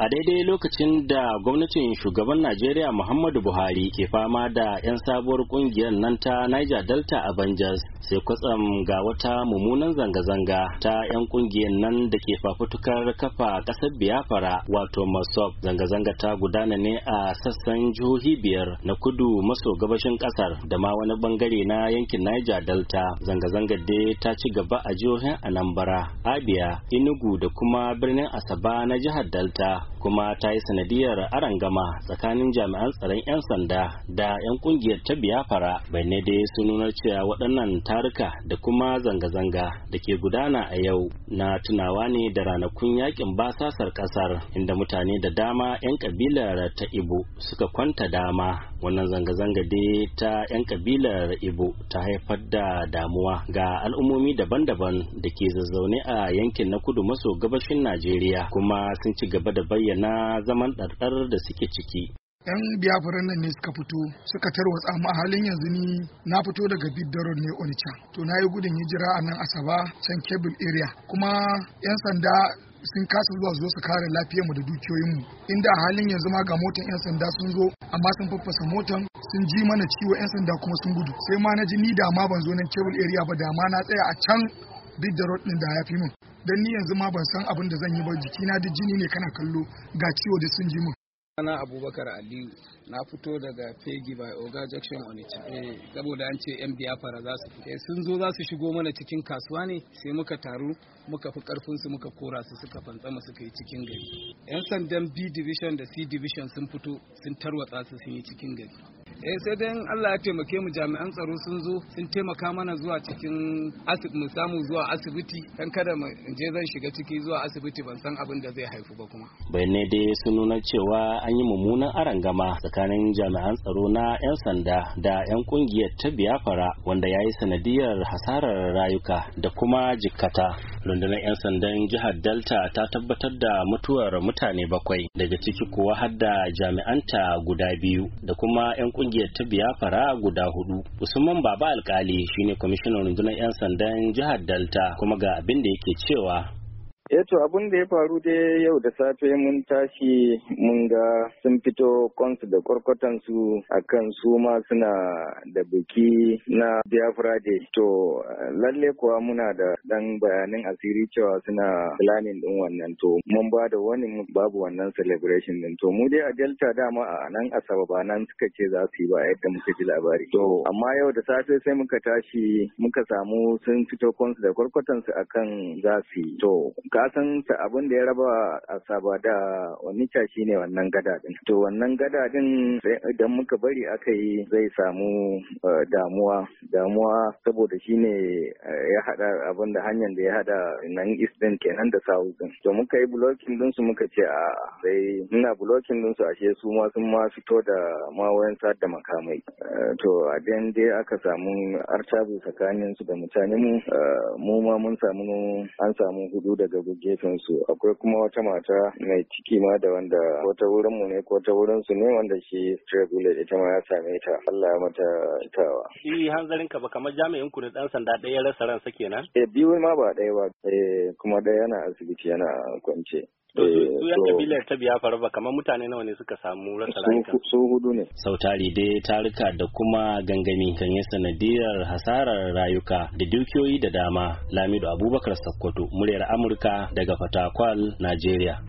a daidai lokacin da gwamnatin shugaban najeriya muhammadu buhari ke fama da 'yan sabuwar kungiyar nan ta niger delta avengers sai kwatsam ga wata mummunan zanga-zanga ta 'yan kungiyar nan da ke fafutukar kafa kasar biafra wato masop zanga-zanga ta gudana ne a sassan jihohi biyar na kudu maso gabashin kasar da ma wani bangare na yankin niger delta zanga zanga dai ta ci gaba a jihohin anambra abia inugu da kuma birnin asaba na jihar delta kuma ta yi sanadiyar arangama tsakanin jami'an tsaron 'yan sanda da 'yan kungiyar ta biyafara bayanai dai sun nuna cewa waɗannan taruka da kuma zanga-zanga da ke gudana a yau na tunawa ne da ranakun yakin basasar ƙasar inda mutane da dama 'yan kabilar ta ibo suka kwanta dama wannan zanga-zanga dai ta 'yan kabilar ibo ta haifar da damuwa ga al'ummomi daban-daban da ke zazzaune a yankin na kudu maso gabashin najeriya kuma sun ci gaba da bayyana zaman ɗarɗar da suke ciki. 'yan biyafuran nan ne suka fito suka tarwatsa mu a halin yanzu ni na fito daga biddaron ne onitsha to na yi gudun hijira a nan asaba can kebil area kuma 'yan sanda sun kasa zuwa zo su kare lafiyarmu da dukiyoyinmu inda a halin yanzu ma ga motan 'yan sanda sun zo amma sun faffasa motan sun ji mana ciwo 'yan sanda kuma sun gudu sai ma na ji ni da ma ban zo nan kebul area ba da ma na tsaya a can biddaron ɗin da ya fi min dan ni yanzu ma ban san abin da zan yi ba jikina da jini ne kana kallo ga ciwo da sun ji min ana abubakar aliyu na fito daga fegi by oga jackson Eh saboda an ce yan biyafara za su fita eh, sun zo za su shigo mana cikin kasuwa ne sai muka taru muka fi karfin su muka kora su suka fantsama suka yi cikin gari yan sandan b division da c division sun fito sun tarwatsa su sun yi cikin gari eh sai dai Allah ya taimake mu jami'an tsaro sun zo sun taimaka mana zuwa cikin asibiti mu samu zuwa asibiti dan kada mu je zan shiga ciki zuwa asibiti ban san abin da zai haifu ba kuma ne dai sun nuna cewa an yi mummunan arangama tsakanin jami'an tsaro na yan sanda da yan kungiyar ta biyafara wanda ya yi sanadiyar hasarar rayuka da kuma jikkata rundunar yan sandan jihar delta ta tabbatar da mutuwar mutane bakwai daga ciki kuwa har da jami'anta guda biyu da kuma yan kungiyar ta biyafara guda hudu usman baba alkali shine kwamishinan rundunar 'yan sandan jihar delta kuma ga abin da yake cewa Eto, eh abun abin da ya faru dai yau da safe mun tashi mun ga sun fito kwansu da kwarkwatansu a kan su ma suna da biki na Biafra Day. To lalle kuwa muna da dan bayanin asiri cewa suna planning din wannan to mun ba da wani babu wannan celebration din to mu dai a Delta dama a nan Asaba ba nan suka ce za su yi ba yadda muka ji labari. To amma yau da safe sai muka tashi muka samu sun fito kwansu da kwarkwatansu akan za su yi. To ka san abin da ya raba a saba da shi shine wannan gada din to wannan gada din idan muka bari aka yi zai samu eh, damuwa damuwa saboda shi ne eh, ya hada abin da hanyar da ya hada nan east din kenan da south din to muka yi blocking din muka ce a sai ina blocking din su ashe su ma sun ma fito da mawayan sa da makamai eh, to a den dai aka samu artabu tsakanin su da mutane mu mu ma mun samu an samu hudu daga daga gefen su akwai kuma wata mata mai ciki ma da wanda wata wurin mu ne ko ta wurin su ne wanda shi struggle ita ma ya same ta Allah mata tawa shi hanzarin ka ba kamar jami'in ku da dan sanda ɗaya rasa ransa kenan eh biyu ma ba ɗaya ba eh kuma ɗaya yana asibiti yana kwance Eh, su yan kabilar ta biyafar ba kamar mutane nawa ne suka samu rasa rayuka su hudu ne sautari dai taruka da kuma gangami kan yi sanadiyar hasarar rayuka da dukiyoyi da dama lamido abubakar sakkwato muryar amurka daga fatakwal najeriya